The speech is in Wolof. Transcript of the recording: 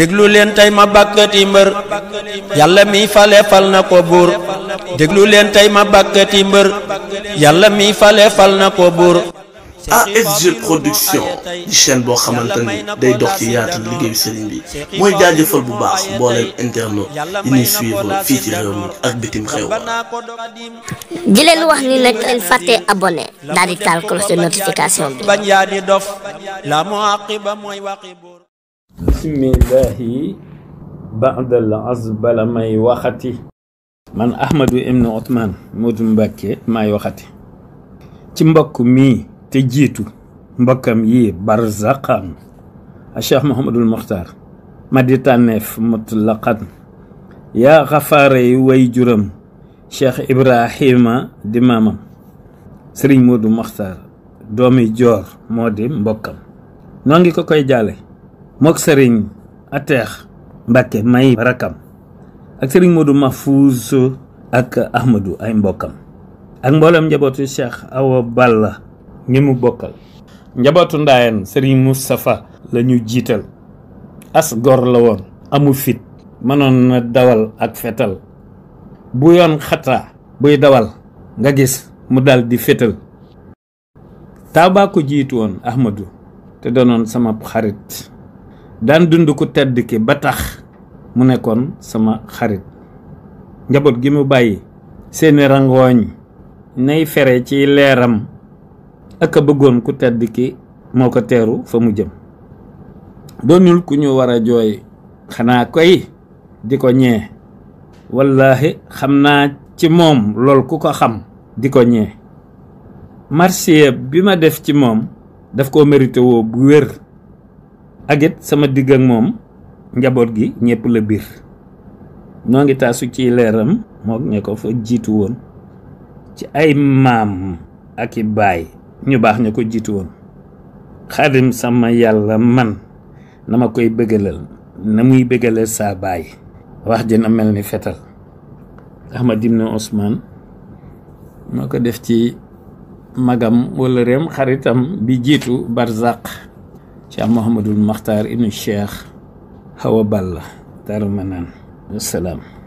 déglu leen tey ma bàkkati mbër yàlla mi fale fal na ko buur déglu leen tey ma bàkkati mbër yàlla mi fale fal na ko buur ASG ah, production di chaîne boo xamante ni day dox ci yaatal liggéeyu sëriñ bi mooy jaajëfal bu baax mbooleem internet yi ñuy suivre fii ci réew mi ak bitim réew di leen wax ni nag fàtte abonné daal taal cloche de notification bi bismillahi baadal az bala may ci mbokk mi te jiitu mbokkam yi barzaqan a cheikh Mouhamadul Mokhtar ma di tànneef mutlaqan yaa xafaare yi way juram cheikh Ibrahima di maamam sëriñ Modou Mokhtar doomi joor moo di mbokkam noo ngi ko koy jaale mok serigne atex mbacke may rakam ak serigne modou mahfouz ak ahmadou ay mbokam ak mbolam njabotou cheikh awa balla ñimu bokal njabotou ndayen serigne mustapha lañu jital as gor la won amu fit manon na dawal ak fetal bu yon khata buy dawal nga gis mu dal di fetal taba jitu won ahmadou te donon sama xarit dan dundu ku tedd ki ba tax mu nekkon sama xarit njabot gi mu bayyi seen rangoñ nay féré ci léram ak a bëggoon ku tedd ki moko téru fa mu jëm donul ku ñu wara joy xana koy di ko wallahi xamna ci mom lol ku ko xam di ko marché bima def ci mom daf ko mérité wo bu wër Aget sama digang mom, njabot gi ñepp le bir noo ngi taasu ci leram mo ne ko fa jitu won ci ay mam ak bay ñu bax ne ko jitu won khadim sama yalla man nama koy beugelal namuy beugelal sa bay wax dina melni fetal ahmad ibn osman moo def ci magam wala rem xaritam bi jitu شيخ محمد المختار ابن الشيخ هو بالله تعالوا منان السلام